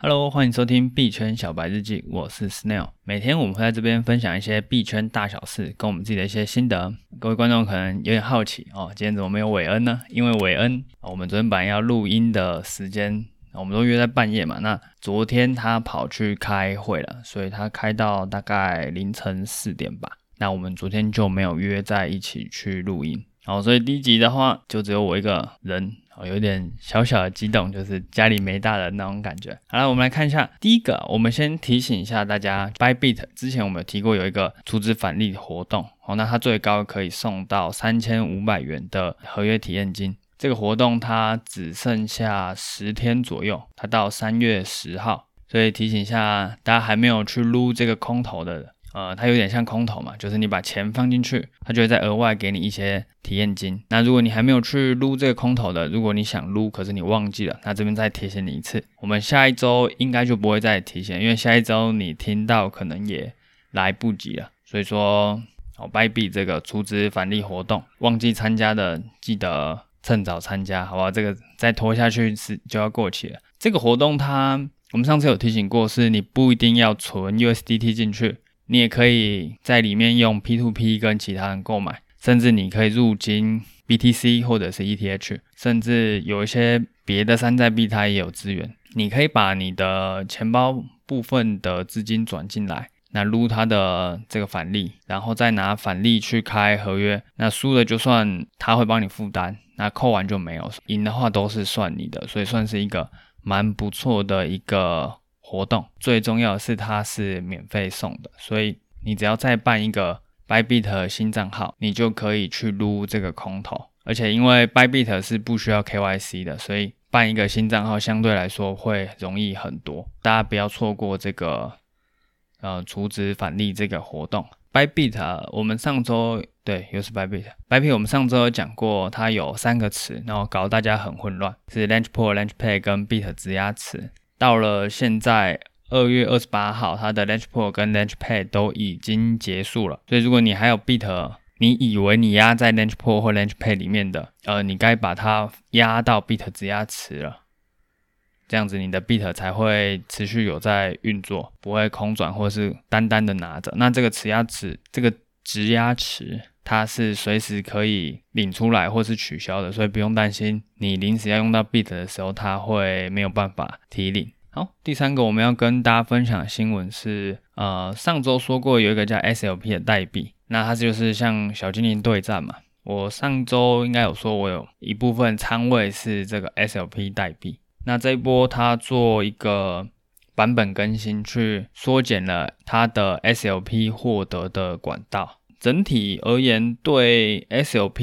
哈嘍，Hello, 歡迎收聽幣圈小白日記，我是 Snail。每天我們會在這邊分享一些幣圈大小事，跟我們自己的一些心得。各位觀眾可能有點好奇哦，今天怎麼沒有韋恩呢？因為韋恩、哦，我們昨天本來要錄音的時間、哦，我們都約在半夜嘛。那昨天他跑去開會了，所以他開到大概凌晨四點吧。那我們昨天就沒有約在一起去錄音，然後、哦、所以第一集的話，就只有我一個人。哦、有點小小的激動，就是家裡沒大的那種感覺。好了，我們來看一下第一個，我們先提醒一下大家，Bybit 之前我們有提過有一個出資返利活動，哦，那它最高可以送到三千五百元的合約體驗金。這個活動它只剩下十天左右，它到三月十號，所以提醒一下大家還沒有去擼這個空投的。呃，它有點像空投嘛，就是你把錢放進去，它就會再額外給你一些體驗金。那如果你還沒有去擼這個空投的，如果你想擼，可是你忘記了，那這邊再提醒你一次，我們下一周應該就不會再提醒，因為下一周你聽到可能也來不及了。所以說，哦，BYBIT 這個出資返利活動，忘記參加的記得趁早參加，好不好？這個再拖下去是就要過期了。這個活動它，我們上次有提醒過，是你不一定要存 USDT 進去。你也可以在裡面用 P2P 跟其他人購買，甚至你可以入金 BTC 或者是 ETH，甚至有一些別的山寨幣，它也有資源。你可以把你的錢包部分的資金轉進來，那擼它的這個返利，然後再拿返利去開合約。那輸了就算他會幫你負擔，那扣完就沒有，贏的話都是算你的，所以算是一個蠻不錯的一個。活動最重要的是它是免費送的，所以你只要再辦一個 Bybit 的新賬號，你就可以去擼這個空投。而且因為 Bybit 是不需要 KYC 的，所以辦一個新賬號相對來說會容易很多。大家不要錯過這個呃儲值返利這個活動。Bybit 啊，我們上周，對，又是 Bybit。Bybit 我們上周有講過，它有三個詞，然後搞得大家很混亂，是 Launch Pool、Launch Pay 跟 Bit 指壓詞。到了現在二月二十八號，它的 launch pool 跟 launch pad 都已經結束了，所以如果你還有 BIT 你以為你壓在 launch pool 或 launch pad 裡面的，呃，你該把它壓到 BIT 質押池了，這樣子你的 BIT 才會持續有在運作，不會空轉或是單單的拿着。那這個質押池，這個質押池。它是隨時可以領出來或是取消的，所以不用擔心你臨時要用到幣的時候，它會沒有辦法提領。好，第三個我們要跟大家分享的新聞是，呃，上周說過有一個叫 SLP 的代幣，那它就是像小精靈對戰嘛。我上周應該有說，我有一部分倉位是這個 SLP 代幣。那這一波它做一個版本更新，去縮減了它的 SLP 獲得的管道。整體而言，對 SOP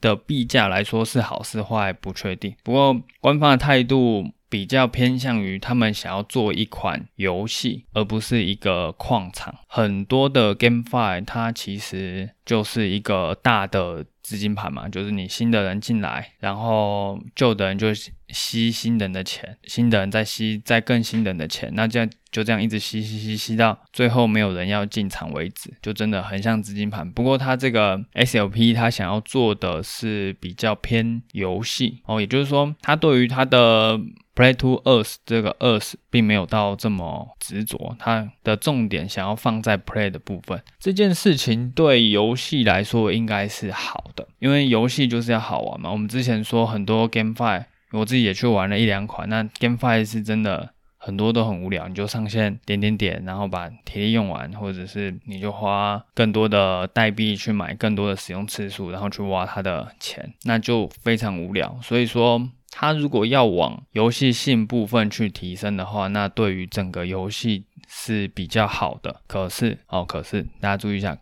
的幣價來說是好是壞不確定。不過，官方的態度。比較偏向於他們想要做一款遊戲，而不是一個礦場。很多的 GameFi，它其實就是一個大的資金盤嘛，就是你新的人進來，然後舊的人就吸新人的錢，新的人再吸再更新人的錢，那這樣就這樣一直吸吸吸吸到最後沒有人要進場為止，就真的很像資金盤。不過它這個 SLP，它想要做的是比較偏遊戲哦，也就是說它對於它的。Play to Earth 這個 Earth 並沒有到這麼執着，它的重點想要放在 Play 的部分。這件事情對遊戲來說應該是好的，因為遊戲就是要好玩嘛。我們之前說很多 GameFi，我自己也去玩了一兩款，那 GameFi 是真的很多都很無聊，你就上線點點點，然後把體力用完，或者是你就花更多的代幣去買更多的使用次數，然後去挖它的錢，那就非常無聊。所以說。它如果要往遊戲性部分去提升的話，那對於整個遊戲是比較好的。可是哦，可是大家注意一下，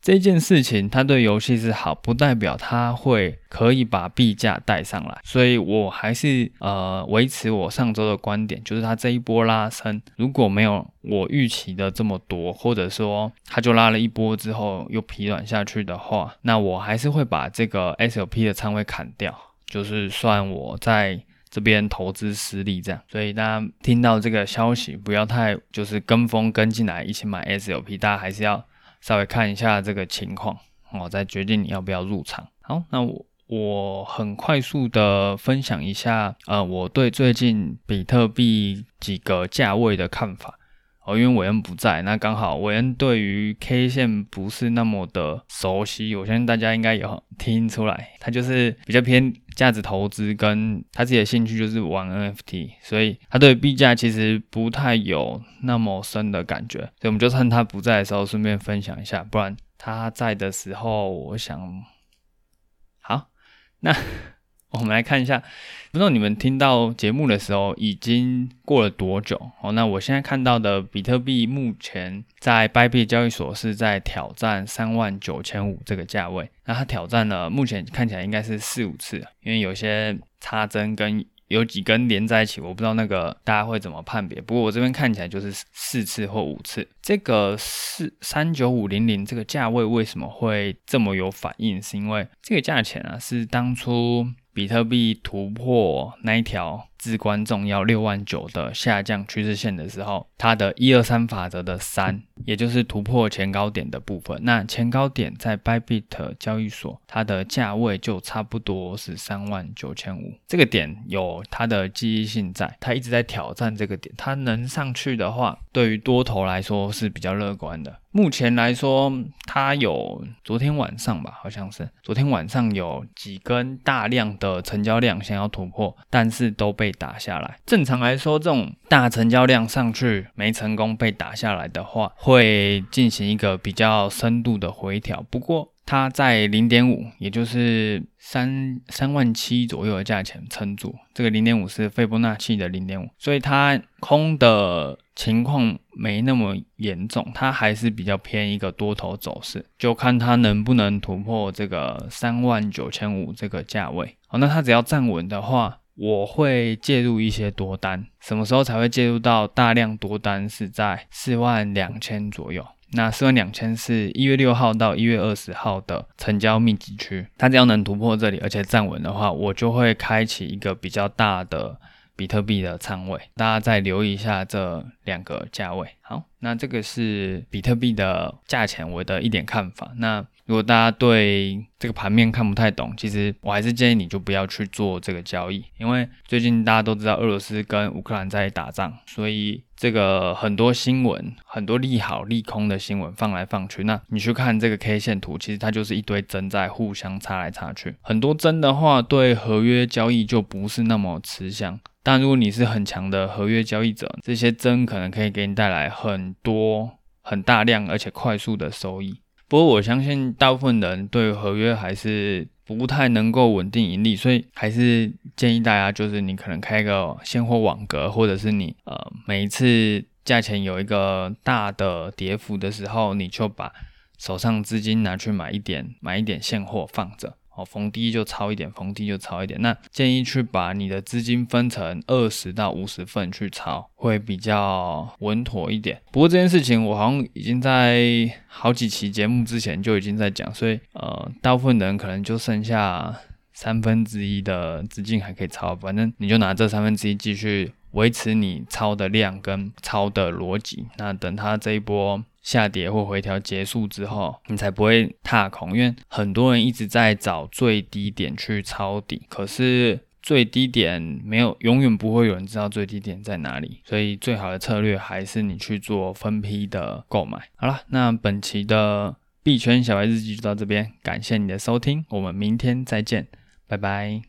這件事情它對遊戲是好，不代表它會可以把幣價帶上來。所以我還是呃維持我上周的觀點，就是它這一波拉升如果沒有我預期的這麼多，或者說它就拉了一波之後又疲軟下去的話，那我還是會把這個 SLP 的倉位砍掉。就是算我在這邊投資失利這樣，所以大家聽到這個消息不要太就是跟風跟進來一起買 SLP，大家還是要稍微看一下這個情況，我再決定你要不要入場。好，那我我很快速的分享一下，呃，我對最近比特幣幾個價位的看法哦，因為韋恩不在，那剛好韋恩對於 K 線不是那麼的熟悉，我相信大家應該有聽出來，他就是比較偏。價值投資跟他自己的興趣就是玩 NFT，所以他對幣價其實不太有那麼深的感覺，所以我們就趁他不在的時候順便分享一下，不然他在的時候，我想好那。我們來看一下，不知道你們聽到節目的時候已經過了多久哦。那我現在看到的比特幣目前在 BYBIT 交易所是在挑戰三萬九千五這個價位，那它挑戰了，目前看起來應該是四五次，因為有些插針跟有幾根連在一起，我不知道那個大家會怎麼判別。不過我這邊看起來就是四次或五次。這個四三九五零零這個價位為什麼會這麼有反應？是因為這個價錢啊是當初。比特幣突破那一條。至關重要，六萬九的下降趨勢線的時候，它的一二三法則的三，也就是突破前高點的部分。那前高點在 Bybit 交易所，它的價位就差不多是三萬九千五。這個點有它的記憶性在，在它一直在挑戰這個點，它能上去的話，對於多頭來說是比較樂觀的。目前來說，它有昨天晚上吧，好像是昨天晚上有幾根大量的成交量想要突破，但是都被。被打下來，正常來說，這種大成交量上去沒成功被打下來的話，會進行一個比較深度的回調。不過它在零點五，也就是三三萬七左右的價錢撐住。這個零點五是斐波那契的零點五，所以它空的情況沒那麼嚴重，它還是比較偏一個多頭走勢。就看它能不能突破這個三萬九千五這個價位。好，那它只要站穩的話。我會介入一些多單，什麼時候才會介入到大量多單？是在四萬兩千左右。那四萬兩千是一月六號到一月二十號的成交密集區，它只要能突破這裡，而且站穩的話，我就會開啟一個比較大的比特幣的倉位。大家再留意一下這兩個價位。好，那這個是比特幣的價錢，我的一點看法。那。如果大家對這個盤面看不太懂，其實我還是建議你就不要去做這個交易，因為最近大家都知道俄羅斯跟烏克蘭在打仗，所以這個很多新聞、很多利好、利空的新聞放來放去，那你去看這個 K 線圖，其實它就是一堆針在互相插來插去。很多針的話，對合約交易就不是那麼吃香，但如果你是很強的合約交易者，這些針可能可以給你帶來很多、很大量而且快速的收益。不過我相信大部分人對合約還是不太能夠穩定盈利，所以還是建議大家，就是你可能開個現貨網格，或者是你呃每一次價錢有一個大的跌幅的時候，你就把手上資金拿去買一點買一點現貨放着。逢低就抄一點，逢低就抄一點。那建議去把你的資金分成二十到五十份去抄，會比較穩妥一點。不過這件事情我好像已經在好幾期節目之前就已經在講，所以呃，大部分人可能就剩下三分之一的資金還可以抄，反正你就拿這三分之一繼續維持你抄的量跟抄的邏輯。那等它這一波，下跌或回調結束之後，你才不會踏空，因為很多人一直在找最低點去抄底，可是最低點沒有，永遠不會有人知道最低點在哪裡，所以最好的策略還是你去做分批的購買。好了，那本期的幣圈小白日記就到這邊，感謝你的收聽，我們明天再見，拜拜。